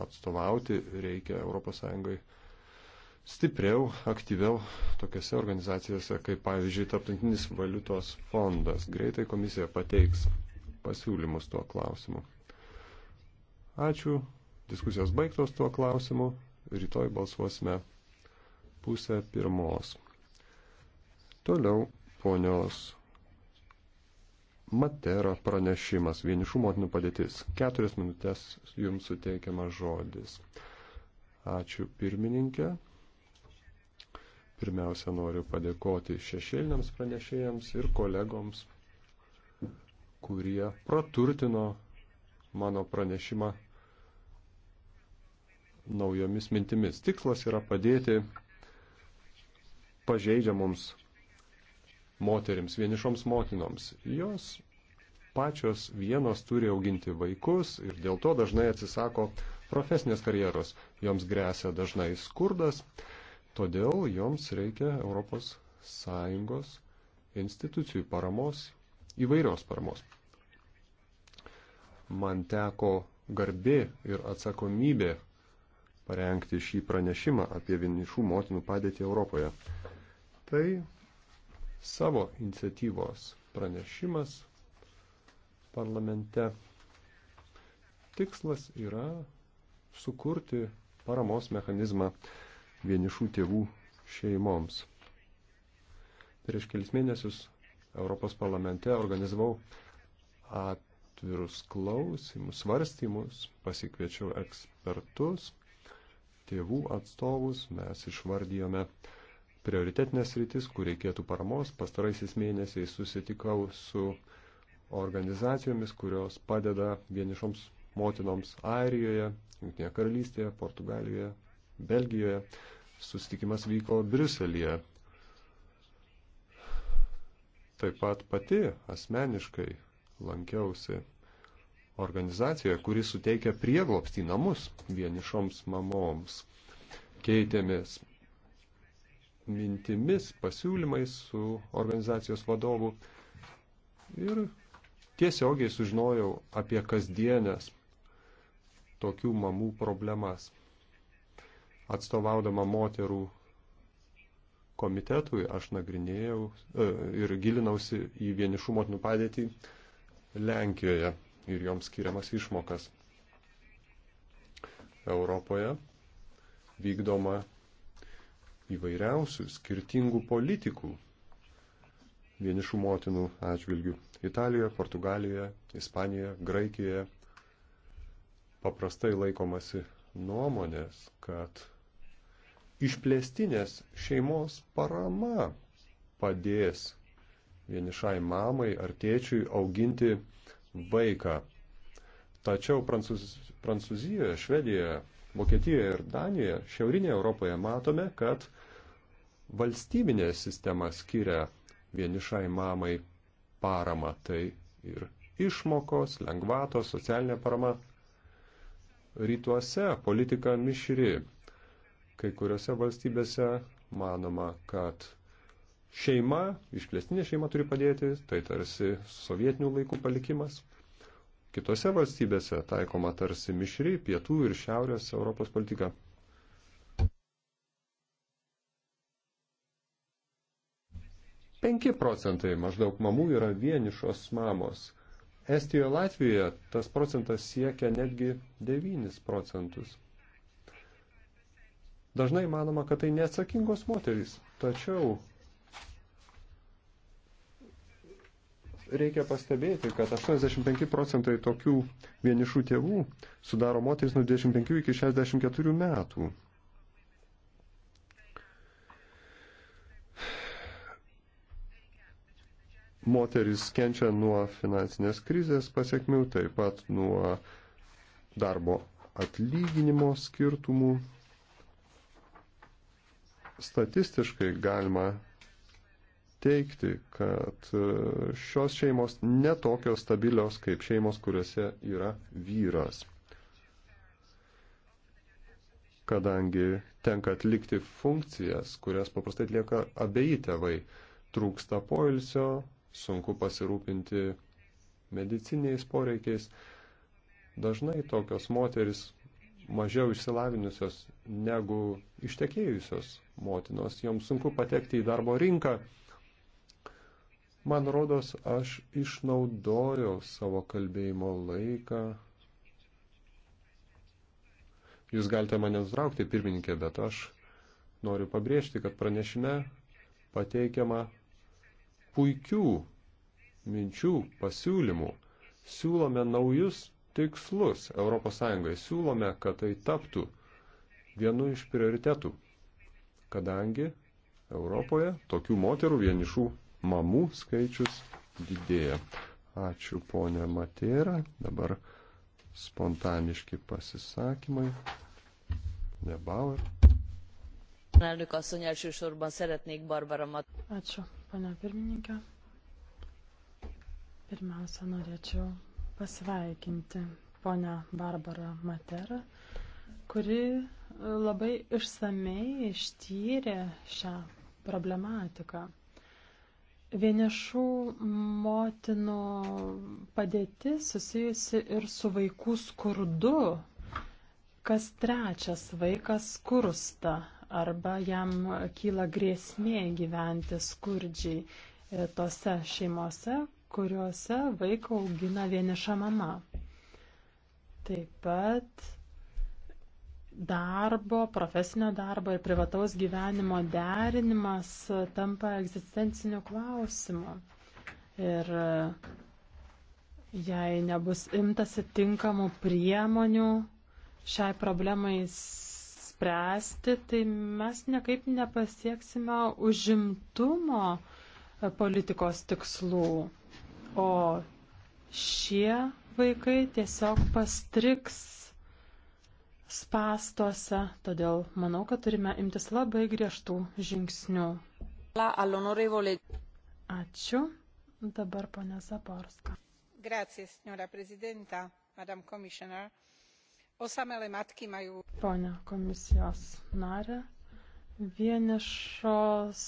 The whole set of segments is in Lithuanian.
atstovauti reikia ES stipriau, aktyviau tokiose organizacijose, kaip pavyzdžiui, Tarptautinis valiutos fondas. Greitai komisija pateiks pasiūlymus tuo klausimu. Ačiū. Diskusijos baigtos tuo klausimu. Rytoj balsuosime pusę pirmos. Toliau ponios Matera pranešimas vienišų motinų padėtis. Keturias minutės jums suteikiama žodis. Ačiū pirmininkė. Pirmiausia, noriu padėkoti šešėliniams pranešėjams ir kolegoms, kurie praturtino mano pranešimą naujomis mintimis. Tikslas yra padėti pažeidžiamoms moteriams, vienišoms motinoms. Jos pačios vienos turi auginti vaikus ir dėl to dažnai atsisako profesinės karjeros. Joms grėsia dažnai skurdas, todėl joms reikia ES institucijų paramos, įvairios paramos. Man teko garbė ir atsakomybė parengti šį pranešimą apie vienišų motinų padėtį Europoje. Tai savo iniciatyvos pranešimas parlamente. Tikslas yra sukurti paramos mechanizmą vienišų tėvų šeimoms. Prieš kelis mėnesius Europos parlamente organizavau atvirus klausimus, svarstymus, pasikviečiau ekspertus, tėvų atstovus, mes išvardijome uh, prioritetinės rytis, kur reikėtų paramos. Pastaraisiais mėnesiais susitikau su organizacijomis, kurios padeda vienišoms motinoms Airijoje, Junktinėje karalystėje, Portugalijoje, Belgijoje. Susitikimas vyko Briuselėje. Taip pat pati asmeniškai lankiausi organizacijoje, kuri suteikia prieglopstį namus vienišoms mamoms. Keitėmės mintimis, pasiūlymais su organizacijos vadovu ir tiesiogiai sužinojau apie kasdienės tokių mamų problemas. Atstovaudama moterų komitetui aš nagrinėjau e, ir gilinausi į vienišų motinų padėtį Lenkijoje ir joms skiriamas išmokas. Europoje vykdoma įvairiausių skirtingų politikų vienišų motinų atžvilgių Italijoje, Portugalijoje, Ispanijoje, Graikijoje. Paprastai laikomasi nuomonės, kad išplėstinės šeimos parama padės vienišai mamai ar tėčiui auginti vaiką. Tačiau Prancūz... Prancūzijoje, Švedijoje Vokietijoje ir Danijoje, Šiaurinėje Europoje matome, kad valstybinė sistema skiria vienišai mamai paramą, tai ir išmokos, lengvatos, socialinė parama. Rytuose politika mišri. Kai kuriuose valstybėse manoma, kad šeima, išplėstinė šeima turi padėti, tai tarsi sovietinių laikų palikimas – Kitose valstybėse taikoma tarsi mišri pietų ir šiaurės Europos politika. Penki procentai maždaug mamų yra vienišos mamos. Estijoje Latvijoje tas procentas siekia netgi 9 procentus. Dažnai manoma, kad tai neatsakingos moterys, tačiau reikia pastebėti, kad 85 procentai tokių vienišų tėvų sudaro moteris nuo 25 iki 64 metų. Moteris kenčia nuo finansinės krizės pasiekmių, taip pat nuo darbo atlyginimo skirtumų. Statistiškai galima teikti, kad e, šios šeimos netokios stabilios kaip šeimos, kuriuose yra vyras. Kadangi tenka atlikti funkcijas, kurias paprastai atlieka abeji tėvai, trūksta poilsio, sunku pasirūpinti mediciniais poreikiais. Dažnai tokios moteris mažiau išsilavinusios negu ištekėjusios motinos, joms sunku patekti į darbo rinką, Man rodos, aš išnaudojau savo kalbėjimo laiką. Jūs galite mane nutraukti, pirmininkė, bet aš noriu pabrėžti, kad pranešime pateikiama puikių minčių, pasiūlymų. Siūlome naujus tikslus ES, siūlome, kad tai taptų vienu iš prioritetų, kadangi Europoje tokių moterų vienišų mamų skaičius didėja. Ačiū ponė Matėra. Dabar spontaniški pasisakymai. Nebauer. Elnök asszony, elsősorban szeretnék Barbara Mat. Ačiū, pana pirmininkė. Pirmiausia, norėčiau pasveikinti ponę Barbarą Materą, kuri e, labai išsamei ištyrė šią problematiką. Vienišų motinų padėtis susijusi ir su vaikų skurdu. Kas trečias vaikas skursta arba jam kyla grėsmė gyventi skurdžiai e, tose šeimose, kuriuose vaiką augina vieniša mama. Taip pat darbo, profesinio darbo ir privataus gyvenimo derinimas tampa egzistenciniu klausimu. Ir e, jei nebus imtasi tinkamų priemonių šiai problemai spręsti, tai mes nekaip nepasieksime užimtumo e, politikos tikslų. O šie vaikai tiesiog pastriks spastuose, todėl manau, kad turime imtis labai griežtų žingsnių. Ačiū. Dabar ponė Zaborska. Grazie, signora prezidenta, madam commissioner. Osamelė matky majú. Pone komisijos narė, vienišos,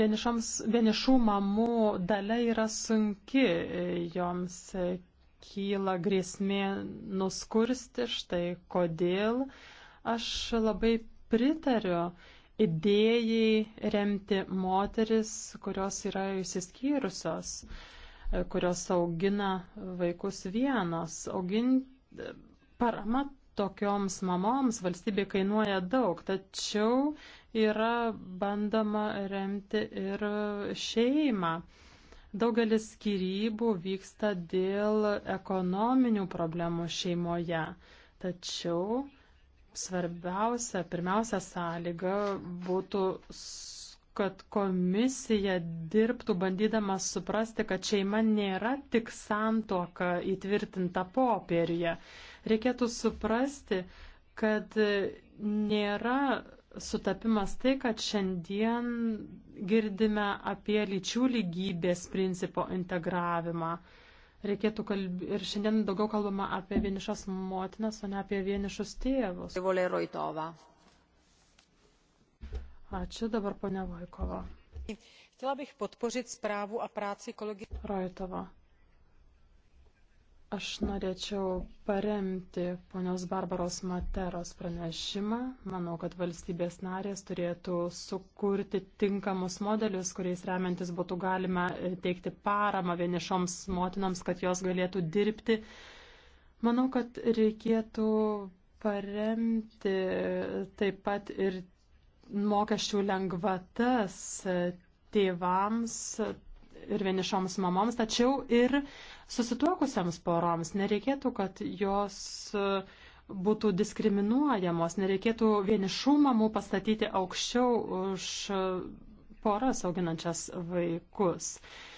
vienišoms, vienišų mamų dalia yra sunki, joms kyla grėsmė nuskursti, štai kodėl aš labai pritariu idėjai remti moteris, kurios yra įsiskyrusios, kurios augina vaikus vienos. Augin... Parama tokioms mamoms valstybė kainuoja daug, tačiau yra bandoma remti ir šeimą. Daugelis skirybų vyksta dėl ekonominių problemų šeimoje. Tačiau svarbiausia, pirmiausia sąlyga būtų, kad komisija dirbtų bandydama suprasti, kad šeima nėra tik santoka įtvirtinta popieriuje. Reikėtų suprasti, kad nėra sutapimas tai, kad šiandien girdime apie lyčių lygybės principo integravimą. Reikėtų kalbėti ir šiandien daugiau kalbama apie vienišas motinas, o ne apie vienišus tėvus. Ačiū dabar ponia Vaikova. Chtěla bych podpořit zprávu a práci kolegy. Rojtova. Aš norėčiau paremti ponios Barbaros Materos pranešimą. Manau, kad valstybės narės turėtų sukurti tinkamus modelius, kuriais remiantis būtų galima e, teikti paramą vienišoms motinams, kad jos galėtų dirbti. Manau, kad reikėtų paremti e, taip pat ir mokesčių lengvatas e, tėvams ir vienišoms mamoms, tačiau ir susituokusiems poroms. Nereikėtų, kad jos e, būtų diskriminuojamos, nereikėtų vienišų mamų pastatyti aukščiau už e, poras auginančias vaikus. Uh,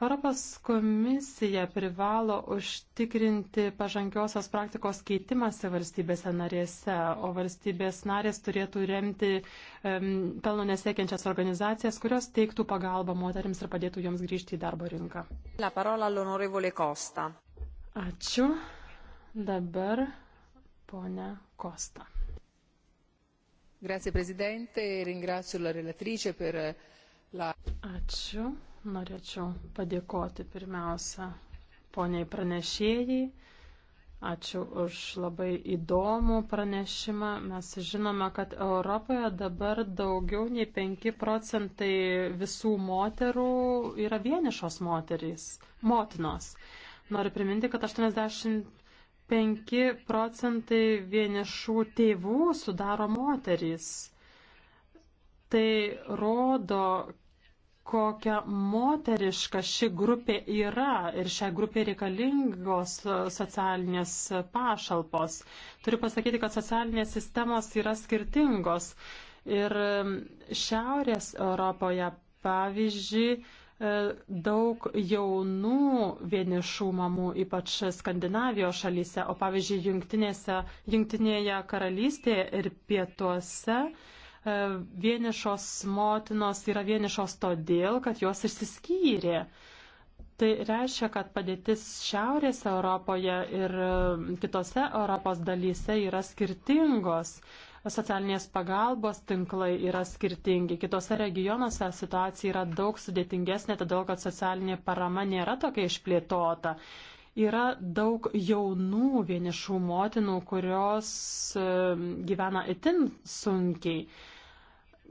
Europos komisija privalo užtikrinti pažangiosios praktikos keitimąsi valstybėse narėse, o valstybės narės turėtų remti um, pelno nesiekiančias organizacijas, kurios teiktų pagalbą moteriams ir padėtų joms grįžti į darbo rinką. La parola all'onorevole Costa. Ačiū. Dabar ponia Costa. Grazie Presidente, ringrazio la relatrice per la. Ačiū. Norėčiau padėkoti pirmiausia poniai pranešėjai. Ačiū už labai įdomų pranešimą. Mes žinome, kad Europoje dabar daugiau nei 5 procentai visų moterų yra vienišos moterys, motinos. Noriu priminti, kad 85 procentai vienišų tėvų sudaro moterys. Tai rodo, kokia moteriška ši grupė yra ir šią grupę reikalingos e, socialinės pašalpos. Turiu pasakyti, kad socialinės sistemos yra skirtingos. Ir e, Šiaurės Europoje, pavyzdžiui, e, daug jaunų vienišų mamų, ypač Skandinavijos šalyse, o pavyzdžiui, Jungtinėje karalystėje ir pietuose E, vienišos motinos yra vienišos todėl, kad jos išsiskyrė. Tai reiškia, kad padėtis Šiaurės Europoje ir e, kitose Europos dalyse yra skirtingos. Socialinės pagalbos tinklai yra skirtingi. Kitose regionuose situacija yra daug sudėtingesnė, todėl kad socialinė parama nėra tokia išplėtota. Yra daug jaunų vienišų motinų, kurios e, gyvena itin sunkiai.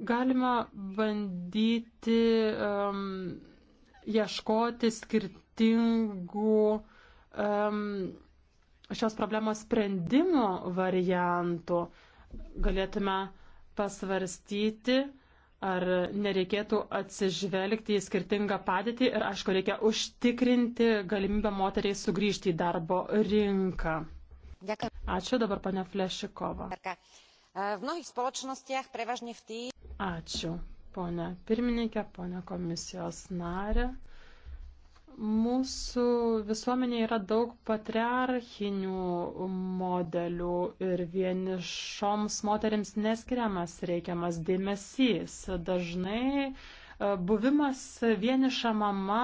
Galima bandyti um, ieškoti skirtingų um, šios problemos sprendimo variantų. Galėtume pasvarstyti, ar nereikėtų atsižvelgti į skirtingą padėtį ir, aišku, reikia užtikrinti galimybę moteriai sugrįžti į darbo rinką. Dėkui. Ačiū dabar, pane Flešikova. E, v mnohých spoločnostiach, prevažne v tých, Ačiū, ponė pirmininkė, ponė komisijos narė. Mūsų visuomenėje yra daug patriarchinių modelių ir vienišoms moteriams neskiriamas reikiamas dėmesys. Dažnai uh, E, buvimas vieniša mama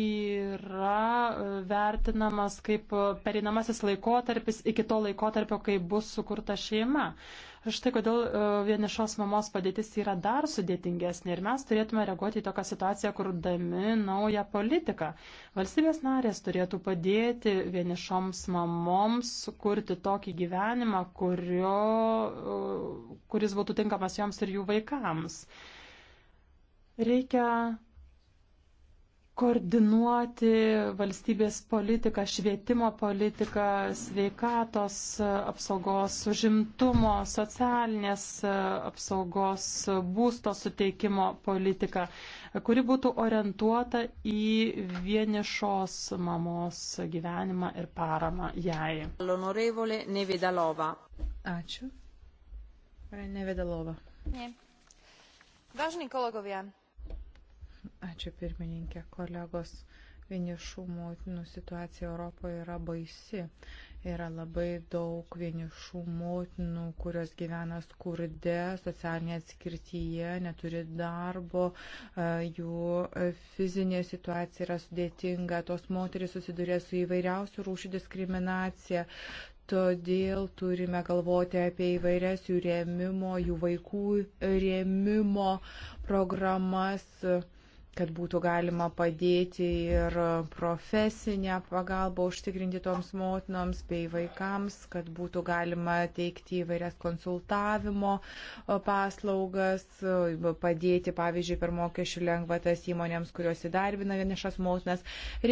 yra e, vertinamas kaip perinamasis laikotarpis iki to laikotarpio, kai bus sukurta šeima. Štai kodėl e, vienišos mamos padėtis yra dar sudėtingesnė ir mes turėtume reaguoti į tokią situaciją, kurdami naują politiką. Valstybės narės turėtų padėti vienišoms mamoms kurti tokį gyvenimą, kurio, kuris būtų tinkamas joms ir jų vaikams. Reikia koordinuoti valstybės politiką, švietimo politiką, sveikatos apsaugos, užimtumo, socialinės apsaugos, būsto suteikimo politiką, kuri būtų orientuota į vienišos mamos gyvenimą ir paramą jai. L'onorevole Nevedalova. Ačiū. Nevedalova. Ne. Važni kolegovia, Ačiū pirmininkė, kolegos. Vienišų motinų situacija Europoje yra baisi. Yra labai daug vienišų motinų, kurios gyvena skurde, socialinė atskirtyje, neturi darbo, jų fizinė situacija yra sudėtinga, tos moteris susiduria su įvairiausių rūšių diskriminacija. Todėl turime galvoti apie įvairias jų rėmimo, jų vaikų rėmimo programas kad būtų galima padėti ir profesinę pagalbą užtikrinti toms motinoms bei vaikams, kad būtų galima teikti įvairias konsultavimo paslaugas, padėti, pavyzdžiui, per mokesčių lengvatas įmonėms, kurios įdarbina vienišas motinas.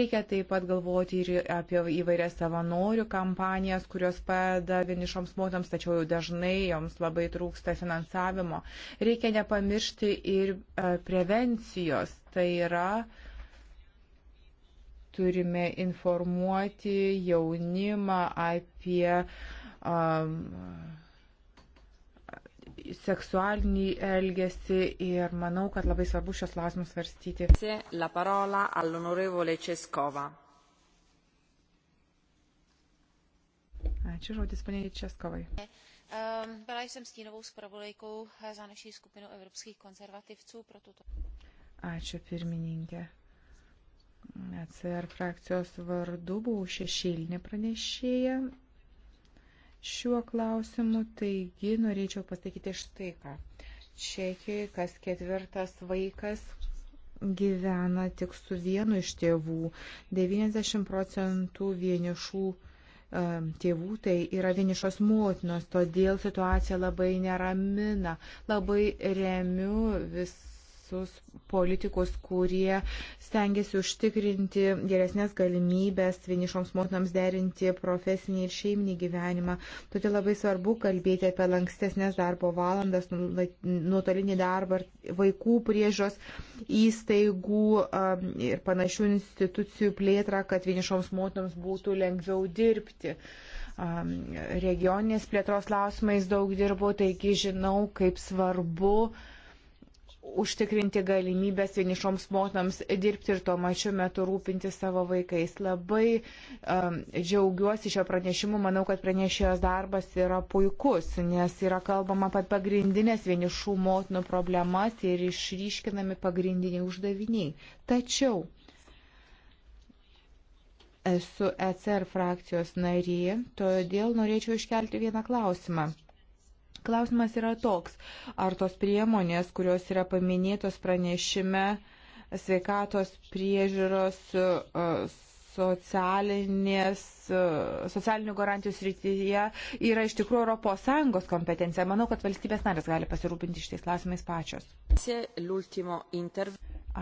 Reikia taip pat galvoti ir apie įvairias savanorių kampanijas, kurios padeda vienišoms motinams, tačiau dažnai joms labai trūksta finansavimo. Reikia nepamiršti ir e, prevencijos tai yra turime informuoti jaunimą apie um, seksualinį elgesį ir manau, kad labai svarbu šios klausimus svarstyti. La parola all'onorevole Ceskova. Ačiū žodis, panė Českovai. Byla jsem stínovou zpravodajkou za naší skupinu evropských konzervativců pro tuto. Ačiū pirmininkė. ACR frakcijos vardu buvau šešėlinė pranešėja šiuo klausimu, taigi norėčiau pasakyti štai ką. Čekijoje kas ketvirtas vaikas gyvena tik su vienu iš tėvų. 90 procentų vienišų e, tėvų, tai yra vienišos motinos, todėl situacija labai neramina. Labai remiu vis visus politikus, kurie stengiasi užtikrinti geresnės galimybės vienišoms motinams derinti profesinį ir šeiminį gyvenimą. Todėl labai svarbu kalbėti apie lankstesnės darbo valandas, nu, nuotolinį darbą, vaikų priežos įstaigų um, ir panašių institucijų plėtrą, kad vienišoms motinams būtų lengviau dirbti um, regioninės plėtros klausimais daug dirbu, taigi žinau, kaip svarbu uh, užtikrinti galimybės vienišoms motinoms dirbti ir tuo pačiu metu rūpinti savo vaikais. Labai um, džiaugiuosi šio pranešimu, manau, kad pranešėjos darbas yra puikus, nes yra kalbama apie pagrindinės vienišų motinų problemas ir išryškinami pagrindiniai uždaviniai. Tačiau esu ECR frakcijos narė, todėl norėčiau iškelti vieną klausimą. Klausimas yra toks, ar tos priemonės, kurios yra paminėtos pranešime, sveikatos priežiūros, e, socialinės, e, socialinių garantijų srityje yra iš tikrųjų ES kompetencija. Manau, kad valstybės narės gali pasirūpinti šitais klausimais pačios.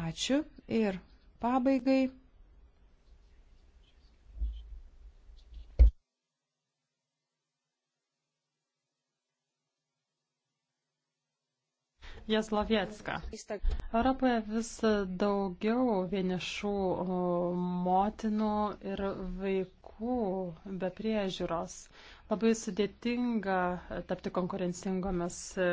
Ačiū ir pabaigai Jaslovietska. Europoje vis daugiau vienišų motinų ir vaikų be priežiūros. Labai sudėtinga tapti konkurencingomis e,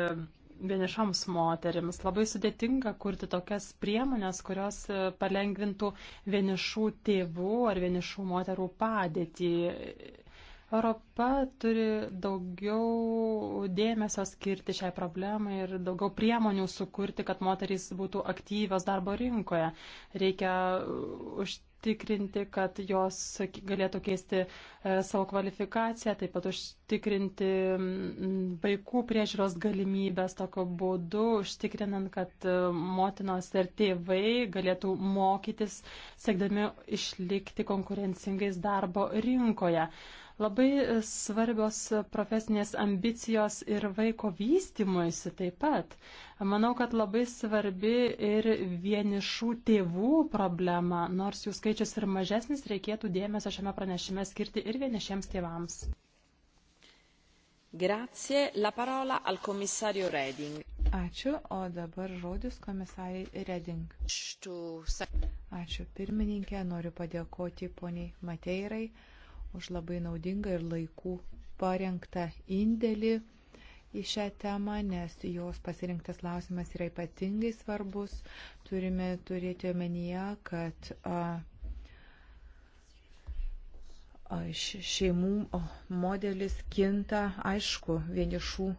vienišoms moterims. Labai sudėtinga kurti tokias priemonės, kurios e, palengvintų vienišų tėvų ar vienišų moterų padėtį Europa turi daugiau dėmesio skirti šiai problemai ir daugiau priemonių sukurti, kad moterys būtų aktyvios darbo rinkoje. Reikia uh, užtikrinti, kad jos galėtų keisti uh, savo kvalifikaciją, taip pat užtikrinti mm, vaikų priežiūros galimybės tokiu būdu, užtikrinant, kad uh, motinos ir tėvai galėtų mokytis, siekdami išlikti konkurencingais darbo rinkoje. Labai e, svarbios profesinės ambicijos ir vaiko vystimuisi taip pat. Manau, kad labai svarbi ir vienišų tėvų problema, nors jų skaičius ir mažesnis, reikėtų dėmesio šiame pranešime skirti ir vienišiems tėvams. Grazie. La parola al commissario Reding. Ačiū, o dabar žodis komisarai Reding. Ačiū pirmininkė, noriu padėkoti poniai Mateirai už labai naudingą ir laikų parengtą indėlį į šią temą, nes jos pasirinktas klausimas yra ypatingai svarbus. Turime turėti omenyje, kad a, a, šeimų modelis kinta, aišku, vienišų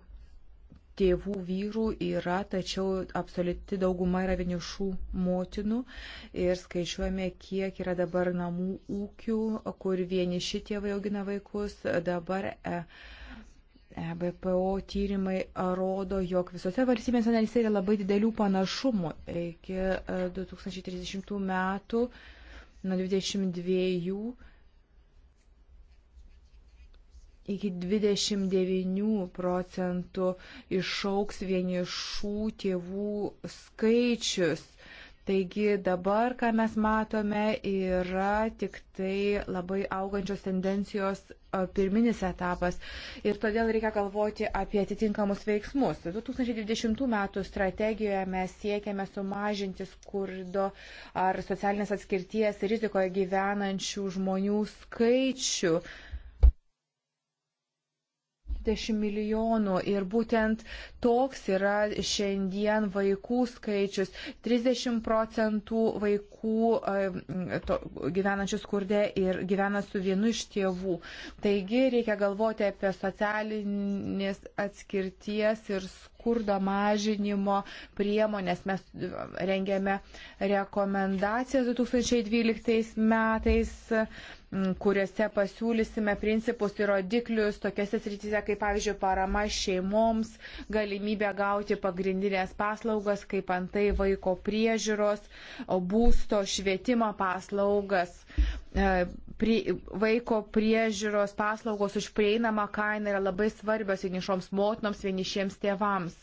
tėvų vyrų yra, tačiau absoliuti dauguma yra vienišų motinų ir skaičiuojame, kiek yra dabar namų ūkių, kur vieniši tėvai augina vaikus. Dabar EBPO e tyrimai rodo, jog visose valstybėse narise yra labai didelių panašumų. Iki 2030 e, metų nuo 22 iki 29 procentų išauks vienišų tėvų skaičius. Taigi dabar, ką mes matome, yra tik tai labai augančios tendencijos pirminis etapas ir todėl reikia galvoti apie atitinkamus veiksmus. 2020 m. strategijoje mes siekiame sumažinti skurdo ar socialinės atskirties rizikoje gyvenančių žmonių skaičių. 60 milijonų ir būtent toks yra šiandien vaikų skaičius. 30 procentų vaikų to, gyvenančių skurdė ir gyvena su vienu iš tėvų. Taigi reikia galvoti apie socialinės atskirties ir skurdo mažinimo priemonės. Mes rengėme rekomendacijas 2012 metais kuriuose pasiūlysime principus ir rodiklius tokiuose srityse, kaip pavyzdžiui, parama šeimoms, galimybė gauti pagrindinės paslaugas, kaip antai vaiko priežiūros, būsto švietimo paslaugas, e, prie, vaiko priežiūros paslaugos už prieinamą kainą yra labai svarbios vienišoms motinoms, vienišiems tėvams.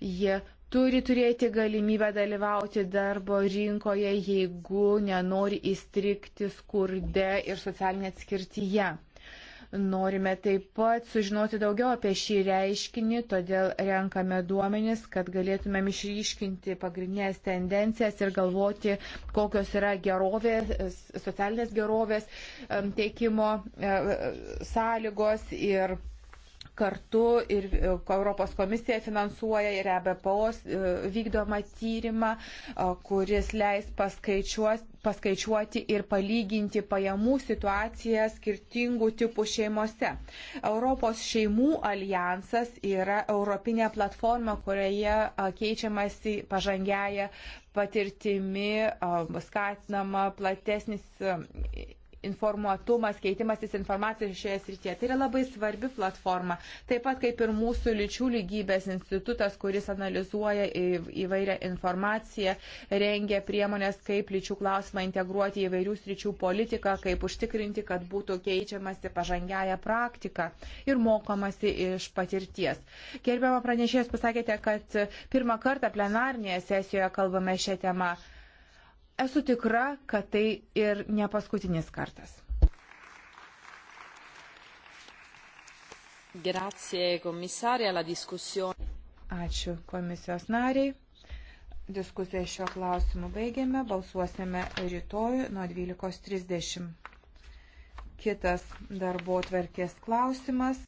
Jie turi turėti galimybę dalyvauti darbo rinkoje, jeigu nenori įstrikti skurde ir socialinė atskirtyje. Norime taip pat sužinoti daugiau apie šį reiškinį, todėl renkame duomenis, kad galėtumėm išryškinti pagrindinės tendencijas ir galvoti, kokios yra gerovės, socialinės gerovės teikimo e, e, sąlygos ir kartu ir e, Europos komisija finansuoja ir EBPO e, vykdomą tyrimą, e, kuris leis paskaičiuoti ir palyginti pajamų situaciją skirtingų tipų šeimose. Europos šeimų alijansas yra europinė platforma, kurioje keičiamasi pažangiaja patirtimi, skatinama platesnis informuotumas, keitimasis informacija šioje srityje. Tai yra labai svarbi platforma. Taip pat kaip ir mūsų lyčių lygybės institutas, kuris analizuoja įvairią informaciją, rengia priemonės, kaip lyčių klausimą integruoti į įvairių sričių politiką, kaip užtikrinti, kad būtų keičiamasi pažangiaja praktika ir mokomasi iš patirties. Gerbiama pranešėjas pasakėte, kad pirmą kartą plenarnėje sesijoje kalbame šią temą esu tikra, kad tai ir ne paskutinis kartas. Grazie, komisarė, la diskusijon. Ačiū komisijos nariai. Diskusiją šiuo klausimu baigėme. Balsuosime rytoj nuo 12.30. Kitas darbo tvarkės klausimas.